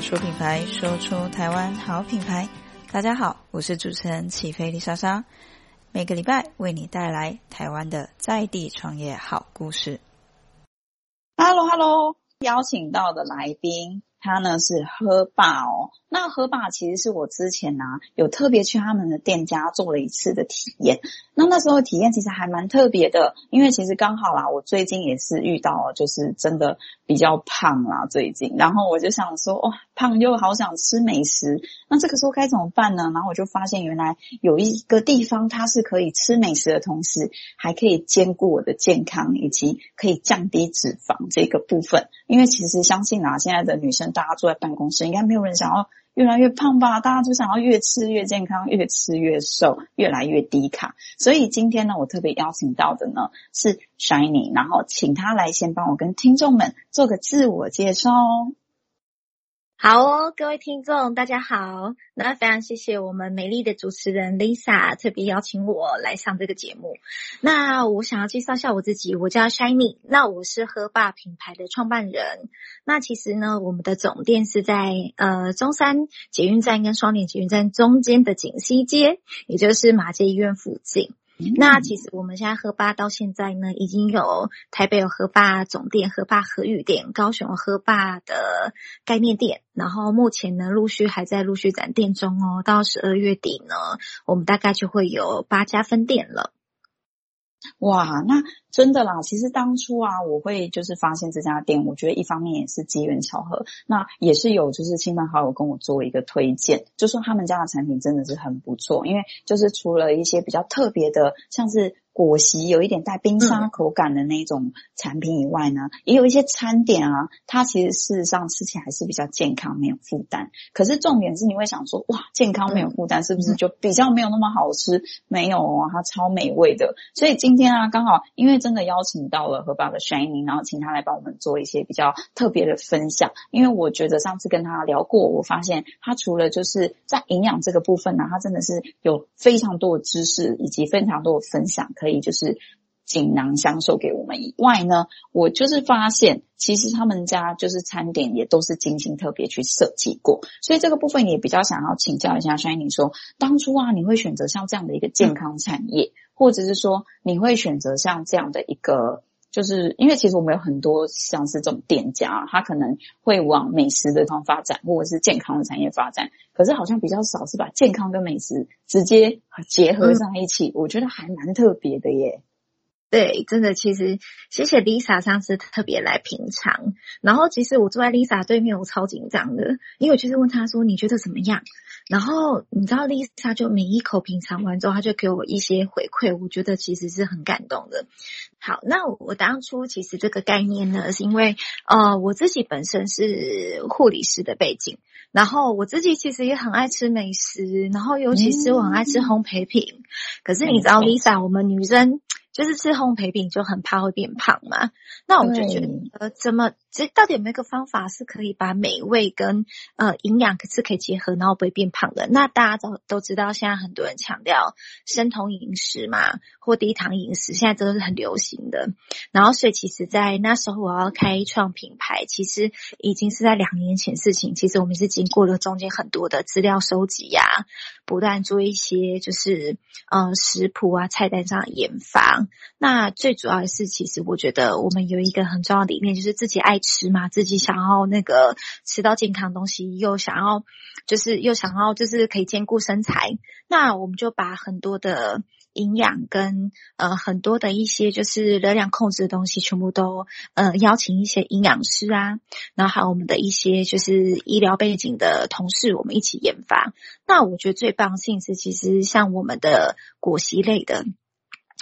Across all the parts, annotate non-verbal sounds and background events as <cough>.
說品牌，說出台灣好品牌。大家好，我是主持人起飛麗莎莎，每個禮拜為你帶來台灣的在地創業好故事。Hello，Hello，hello. 邀請到的來賓，他呢是喝吧哦。那喝吧其實是我之前呢、啊、有特別去他們的店家做了一次的體驗。那那時候體驗其實還蠻特別的，因為其實剛好啦、啊，我最近也是遇到，就是真的。比較胖啦、啊，最近，然後我就想說，哦，胖又好想吃美食，那這個時候該怎麼辦呢？然後我就發現，原來有一個地方，它是可以吃美食的同時，還可以兼顧我的健康，以及可以降低脂肪這個部分。因為其實相信啊，現在的女生，大家坐在辦公室，應該沒有人想要。越來越胖吧，大家都想要越吃越健康，越吃越瘦，越來越低卡。所以今天呢，我特別邀請到的呢是 Shynie，然後請他來先幫我跟聽眾們做個自我介紹哦。好哦，各位聽眾大家好，那非常謝謝我們美麗的主持人 Lisa 特別邀請我來上這個節目。那我想要介紹一下我自己，我叫 Shynie，那我是 Her-Bar 品牌的創辦人。那其實呢，我們的總店是在呃中山捷運站跟雙連捷運站中間的錦西街，也就是馬偕醫院附近。 <noise> 那其實我們現在喝吧到現在呢，已經有台北有喝吧總店、喝吧河裕店、高雄有喝吧的概念店，然後目前呢，陸續還在陸續展店中哦。到十二月底呢，我們大概就會有八家分店了。哇，那真的啦！其實當初啊，我會就是發現這家店，我覺得一方面也是機緣巧合，那也是有就是親朋好友跟我做一個推薦，就說他們家的產品真的是很不錯，因為就是除了一些比較特別的，像是。果昔有一點帶冰沙口感的那種產品以外呢，嗯、也有一些餐點啊，它其實事實上吃起來是比較健康，沒有負擔。可是重點是你會想說，哇，健康沒有負擔，嗯、是不是就比較沒有那麼好吃？沒有哦，啊，它超美味的。所以今天啊，剛好因為真的邀請到了 Her-Bar 的 Shynie，然後請他來幫我們做一些比較特別的分享。因為我覺得上次跟他聊過，我發現他除了就是在營養這個部分呢，啊，他真的是有非常多的知識以及非常多的分享可以。也就是錦囊相授給我們以外呢，我就是發現其實他們家就是餐點也都是精心特別去設計過，所以這個部分也比較想要請教一下。Shynie 說，當初啊，你會選擇像這樣的一個健康產業，嗯、或者是說你會選擇像這樣的一個。就是因為其實我們有很多像是這種店家，他可能會往美食的方發展，或者是健康的產業發展，可是好像比較少是把健康跟美食直接結合在一起。嗯、我覺得還蠻特別的耶。對，真的，其實謝謝 Lisa 上次特別來品嘗。然後其實我坐在 Lisa 對面，我超緊張的，因為我就是問他說，你覺得怎麼樣？然後你知道，Lisa 就每一口品嘗完之後，他就給我一些回饋，我覺得其實是很感動的。好，那我當初其實這個概念呢，是因為呃，我自己本身是護理師的背景，然後我自己其實也很愛吃美食，然後尤其是我很愛吃烘焙品。嗯、可是你知道，Lisa，我們女生。就是吃烘焙餅就很怕會變胖嘛，那我們就覺得，呃，怎麼，其實到底有沒有一個方法是可以把美味跟呃營養是可以結合，然後不會變胖的？那大家都都知道，現在很多人強調生酮飲食嘛，或低糖飲食，現在真的是很流行的。然後，所以其實，在那時候我要開創品牌，其實已經是在兩年前事情。其實我們是經過了中間很多的資料收集呀、啊，不斷做一些就是，嗯、呃，食譜啊、菜單上的研發。那最主要的是，其實我覺得我們有一個很重要的理念，就是自己愛吃嘛，自己想要那個吃到健康的東西，又想要就是又想要就是可以兼顧身材。那我們就把很多的營養跟呃很多的一些就是熱量控制的東西，全部都呃邀請一些營養師啊，然後還有我們的一些就是醫療背景的同事，我們一起研發。那我覺得最棒的是，其實像我們的果昔類的。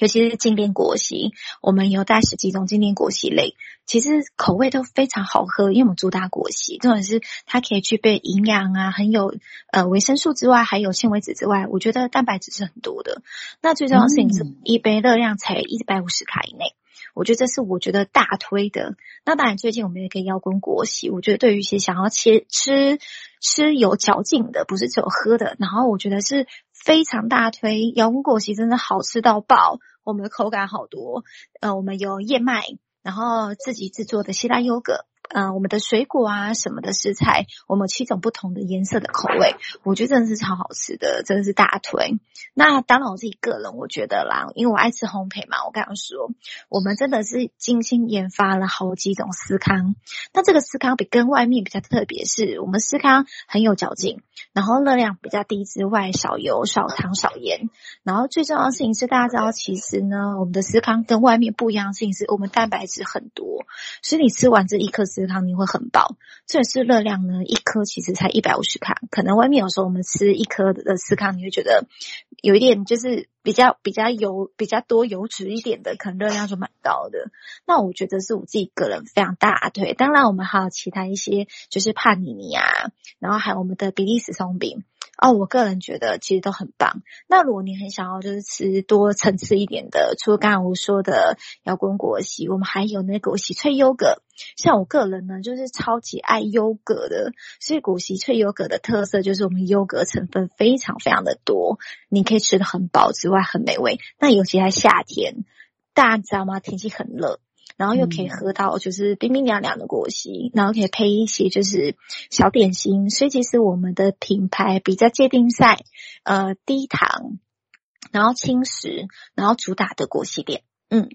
尤其是經典果昔，我們有帶十幾種經典果昔類，其實口味都非常好喝，因為我們主打果昔，這種是它可以具備營養啊，很有呃維生素之外，還有纖維質之外，我覺得蛋白質是很多的。那最重要是你是一杯熱量才一百五十卡以內，嗯、我覺得這是我覺得大推的。那當然最近我們有一個搖滾果昔，我覺得對於一些想要切吃吃吃有嚼勁的，不是只有喝的，然後我覺得是非常大推搖滾果昔，真的好吃到爆。我們的口感好多，呃，我們有燕麥，然後自己製作的希臘優格。嗯、呃，我們的水果啊，什麼的食材，我們有七種不同的顏色的口味，我覺得真的是超好吃的，真的是大推。那當然，我自己個人我覺得啦，因為我愛吃烘焙嘛。我剛剛說，我們真的是精心研發了好幾種司康。那這個司康比跟外面比較特別是，是我們司康很有嚼勁，然後熱量比較低之外，少油、少糖、少鹽。然後最重要的事情是，大家知道，其實呢，我們的司康跟外面不一樣的事情是我們蛋白質很多，所以你吃完這一顆司。吃康你會很飽，這也是熱量呢。一顆其實才一百五十卡，可能外面有時候我們吃一顆的司康，你會覺得有一點就是比較比較油比較多油脂一點的，可能熱量就蠻高的。那我覺得是我自己個人非常大對。當然，我們還有其他一些，就是帕尼尼啊，然後還有我們的比利時鬆餅哦，我個人覺得其實都很棒。那如果你很想要就是吃多層次一點的，除了剛才我說的搖滾果昔，我們還有那個洗脆優格。像我個人呢，就是超級愛優格的，所以果昔脆優格的特色就是我們優格成分非常非常的多，你可以吃得很飽之外，很美味。那尤其在夏天，大家知道嗎？天氣很熱，然後又可以喝到就是冰冰涼涼的果昔，嗯、然後可以配一些就是小點心。所以其實我們的品牌比較界定在，呃，低糖，然後輕食，然後主打的果昔店。嗯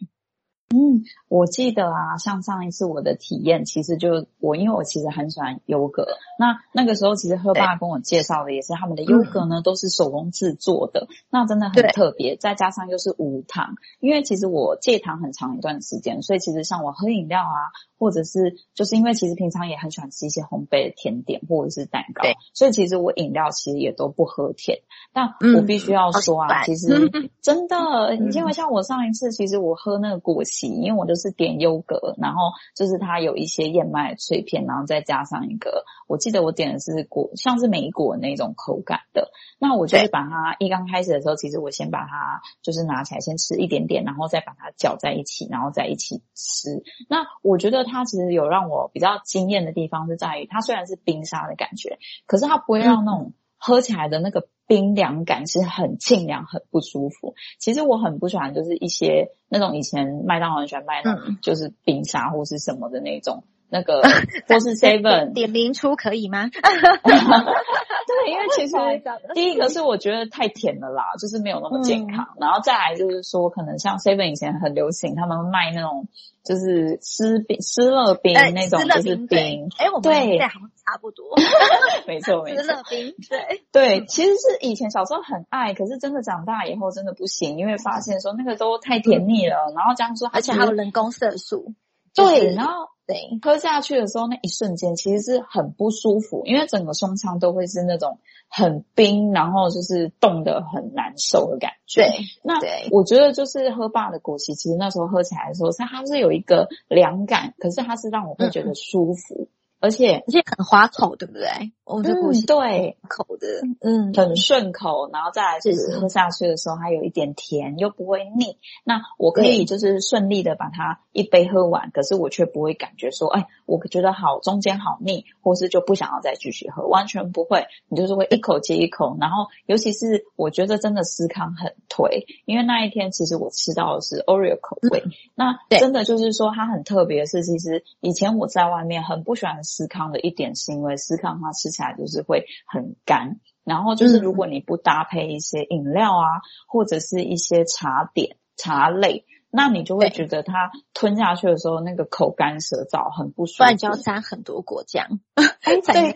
嗯。我記得啊，像上一次我的體驗，其實就我因為我其實很喜歡優格，那那個時候其實喝吧跟我介紹的也是他們的優格呢，嗯、都是手工製作的，那真的很特別，對再加上又是無糖，因為其實我戒糖很長一段時間，所以其實像我喝飲料啊，或者是就是因為其實平常也很喜歡吃一些烘焙的甜點或者是蛋糕，對所以其實我飲料其實也都不喝甜，但我必須要說啊，嗯、其實、嗯、真的，你見過像我上一次其實我喝那個果昔，因為我就是。是點優格，然後就是它有一些燕麥脆片，然後再加上一個，我記得我點的是果，像是莓果那種口感的。那我就是把它對一剛開始的時候，其實我先把它就是拿起來先吃一點點，然後再把它攪在一起，然後再一起吃。那我覺得它其實有讓我比較驚艷的地方是在於，它雖然是冰沙的感覺，可是它不會讓那種。嗯喝起來的那個冰涼感是很清涼、很不舒服。其實我很不喜歡，就是一些那種以前麥當勞很喜歡賣的，嗯、就是冰沙或是什麼的那種。那個都是 seven 點名出可以嗎？ <laughs> <laughs> 對，因為其實第一個是我覺得太甜了啦，就是沒有那麼健康。嗯、然後再來就是說，可能像 seven 以前很流行，他們賣那種，就是濕冰、思樂冰那種，就是冰。哎對、欸，我們現在好像差不多， <laughs> 沒錯，思樂冰對對，其實是以前小時候很愛，可是真的長大以後真的不行，因為發現說那個都太甜膩了。嗯、然後加上說，而且還有人工色素。對，然後對，喝下去的時候，那一瞬間其實是很不舒服，因為整個胸腔都會是那種很冰，然後就是凍得很難受的感覺。對，對那我覺得就是喝吧的果昔，其實那時候喝起來的時候，它它是有一個涼感，可是它是讓我會覺得舒服。嗯而且而且很滑口，對不對？嗯，我不對，很滑口的，嗯，很順口，然後再來就是喝下去的時候，時候還有一點甜，又不會膩。那我可以就是順利的把它一杯喝完，對可是我卻不會感覺說，哎、欸，我覺得好中間好膩，或是就不想要再繼續喝，完全不會。你就是會一口接一口，然後尤其是我覺得真的司康很推，因為那一天其實我吃到的是 Oreo 口味，嗯、那真的就是說它很特別的是對其實以前我在外面很不喜歡。司康的一點是因為司康它吃起來就是會很乾，然後就是如果你不搭配一些飲料啊，嗯、或者是一些茶點、茶類，那你就會覺得它吞下去的時候那個口乾舌燥很不舒服。所以要加很多果醬，塞塞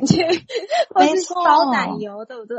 不進去，或是燒奶油，錯對不對？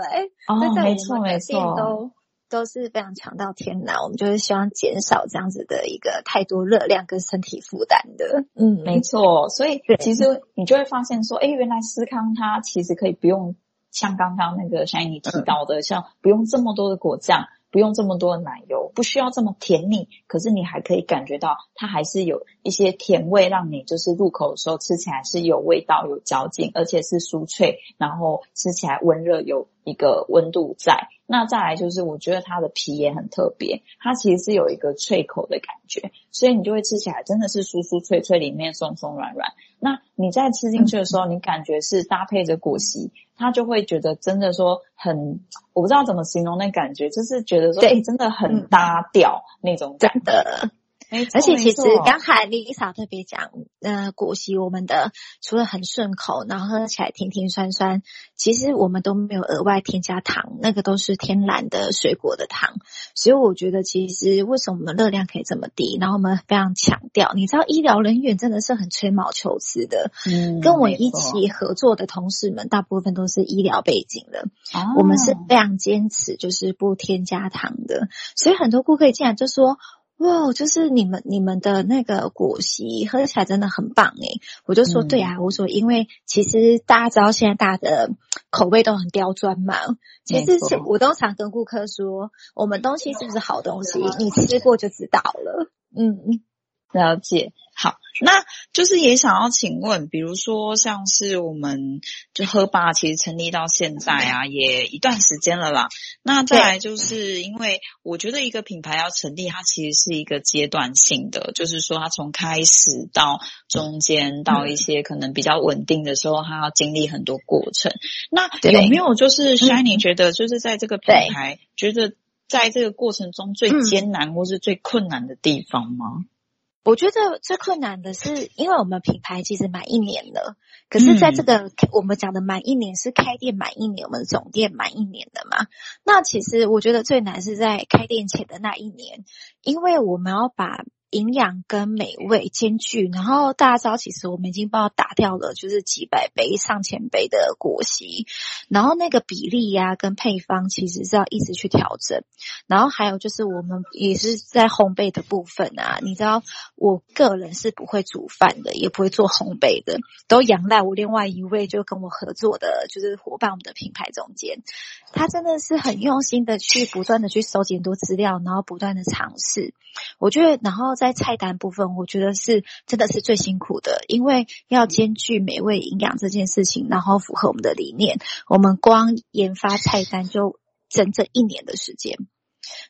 哦，沒錯沒錯。都是非常強到天然，我們就是希望減少這樣子的一個太多熱量跟身體負擔的。嗯，沒錯。所以其實你就會發現說，哎對、欸，原來司康它其實可以不用像剛剛那個 Shynie 提到的，嗯、像不用這麼多的果醬。不用這麼多奶油，不需要這麼甜膩，可是你還可以感覺到它還是有一些甜味，讓你就是入口的時候吃起來是有味道、有嚼勁，而且是酥脆，然後吃起來溫熱有一個溫度在。那再來就是，我覺得它的皮也很特別，它其實是有一個脆口的感覺，所以你就會吃起來真的是酥酥脆脆，裡面鬆鬆軟軟。那你在吃進去的時候，嗯、你感覺是搭配着果昔。他就會覺得，真的說很，我不知道怎麼形容那個感覺，就是覺得說，哎對、欸，真的很搭調、嗯、那種感覺。欸、而且其實剛才李 i s 特別講，呃果昔我們的除了很順口，然後喝起來甜甜酸酸，其實我們都沒有額外添加糖，那個都是天然的水果的糖。所以我覺得其實為什麼我們熱量可以這麼低，然後我們非常強調，你知道醫療人員真的是很吹毛求疵的。嗯、跟我一起合作的同事們錯大部分都是醫療背景的，哦、我們是非常堅持就是不添加糖的。所以很多顧客竟然就說。哇，wow，就是你們你們的那個果昔喝起來真的很棒哎！我就說對啊，嗯、我說因為其實大家知道現在大的口味都很刁鑽嘛，沒錯。其實是我都常跟顧客說，我們東西是不是好東西，嗯、你吃過就知道了，嗯。了解。好，那就是也想要請問，比如說像是我們就喝吧，其實成立到現在啊，也一段時間了啦。那再來就是因為我覺得一個品牌要成立，它其實是一個階段性的，就是說它從開始到中間到一些可能比較穩定的時候，它要經歷很多過程。那有沒有就是，Shynie 覺得就是在這個品牌，覺得在這個過程中最艱難或是最困難的地方嗎？我覺得最困難的是，因為我們品牌其實滿一年了，可是在這個、嗯、我們講的滿一年是開店滿一年，我們總店滿一年的嘛。那其實我覺得最難是在開店前的那一年，因為我們要把營養跟美味兼具，然後大家知道，其實我們已經幫我打掉了，就是幾百杯、上千杯的果昔，然後那個比例呀、啊、跟配方，其實是要一直去調整。然後還有就是，我們也是在烘焙的部分啊，你知道，我個人是不會煮飯的，也不會做烘焙的，都仰賴我另外一位就跟我合作的，就是夥伴，我們的品牌中間，他真的是很用心的去不斷的去收集很多資料，然後不斷的嘗試，我覺得，然後。在菜單部分，我覺得是真的是最辛苦的，因為要兼具美味、營養這件事情，然後符合我們的理念，我們光研發菜單就整整一年的時間。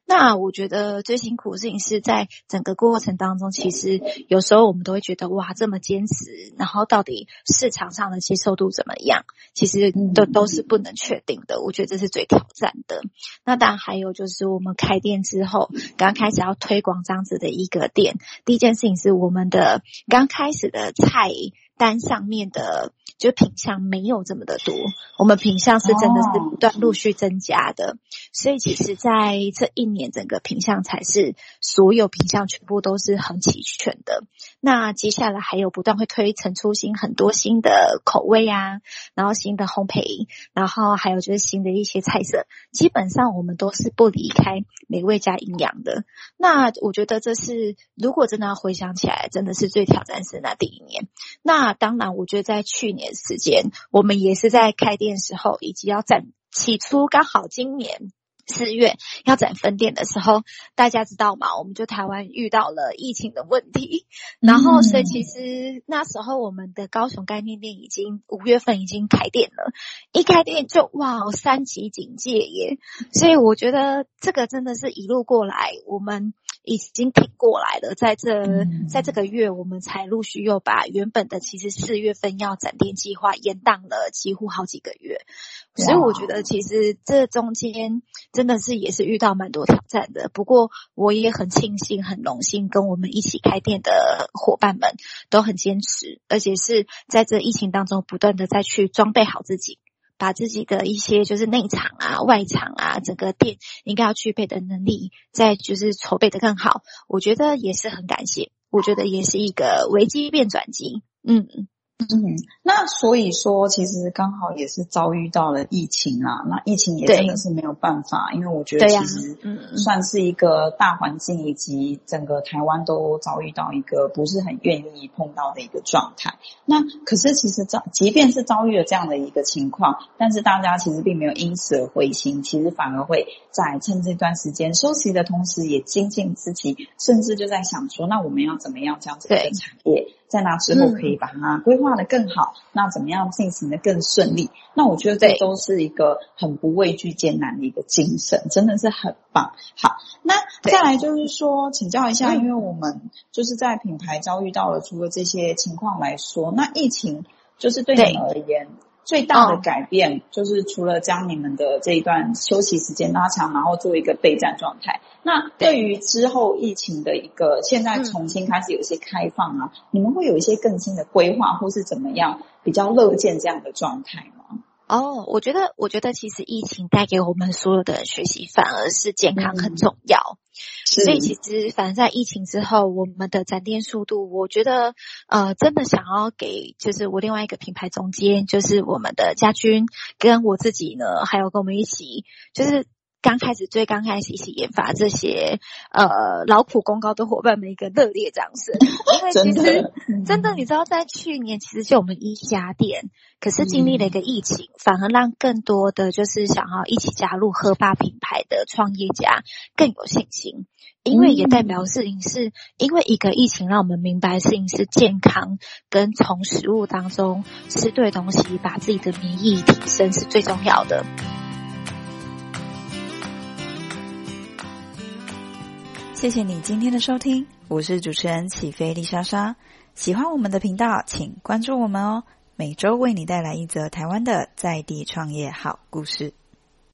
那我覺得最辛苦的事情是在整個過程當中，其實有時候我們都會覺得哇，這麼堅持，然後到底市場上的接受度怎麼樣，其實都都是不能確定的。我覺得這是最挑戰的。那當然還有就是我們開店之後，剛開始要推廣這樣子的一個店，第一件事情是我們的剛開始的菜單上面的。就品項沒有這麼的多，我們品項是真的是不斷陸續增加的，所以其實，在這一年，整個品項才是所有品項全部都是很齊全的。那接下來還有不斷會推陳出新，很多新的口味啊，然後新的烘焙，然後還有就是新的一些菜色，基本上我們都是不離開美味加營養的。那我覺得這是如果真的要回想起來，真的是最挑戰的是那第一年。那當然，我覺得在去年。時間，我們也是在開店時候，以及要展，起初剛好今年四月要展分店的時候，大家知道嗎？我們就台灣遇到了疫情的問題，然後所以其實那時候我們的高雄概念店，店已經五月份已經開店了，一開店就哇三級警戒耶，所以我覺得這個真的是一路過來我們。已經挺過來了，在這在這個月，我們才陸續又把原本的其實四月份要展店計劃延宕了幾乎好幾個月，所以我覺得其實這中間真的是也是遇到蠻多挑戰的。不過我也很慶幸、很榮幸，跟我們一起開店的夥伴們都很堅持，而且是在這疫情當中不斷的再去裝備好自己。把自己的一些就是內場啊、外場啊，整個店應該要具備的能力，再就是籌備得更好，我覺得也是很感謝，我覺得也是一個危機變轉機，嗯。嗯，那所以說，其實剛好也是遭遇到了疫情啊。那疫情也真的是沒有辦法，對因為我覺得其實算是一個大環境，以及整個台灣都遭遇到一個不是很願意碰到的一個狀態。那可是其實遭，即便是遭遇了這樣的一個情況，但是大家其實並沒有因此而灰心，其實反而會在趁這段時間休息的同時，也精進自己，甚至就在想說，那我們要怎麼樣將這個產業？在那之後，可以把它規劃得更好，嗯、那怎麼樣進行得更順利？那我覺得這都是一個很不畏懼艱難的一個精神，真的是很棒。好，那再來就是說，對請教一下，因為我們就是在品牌遭遇到了除了這些情況來說，那疫情就是對你們而言，最大的改變就是除了將你們的這一段休息時間拉長，然後做一個備戰狀態。那對於之後疫情的一個現在重新開始有一些開放啊，嗯、你們會有一些更新的規劃，或是怎麼樣比較樂見這樣的狀態嗎？哦，oh, 我覺得，我覺得其實疫情帶給我們所有的人學習，反而是健康很重要。嗯，所以其實，反正在疫情之後，我們的展店速度，我覺得，呃，真的想要給，就是我另外一個品牌總監，就是我們的家軍，跟我自己呢，還有跟我們一起，就是。剛開始，最剛開始一起研發這些呃勞苦功高的夥伴們一個熱烈掌聲， <laughs> 因為其實真的、嗯、真的你知道，在去年其實就我們一家店，可是經歷了一個疫情，嗯、反而讓更多的就是想要一起加入喝吧品牌的創業家更有信心，因為也代表事情是，嗯、因為一個疫情讓我們明白事情是健康跟從食物當中吃對東西，把自己的免疫提升是最重要的。謝謝你今天的收聽，我是主持人起飛麗莎莎。喜歡我們的頻道，請關注我們哦。每周為你帶來一則台灣的在地創業好故事。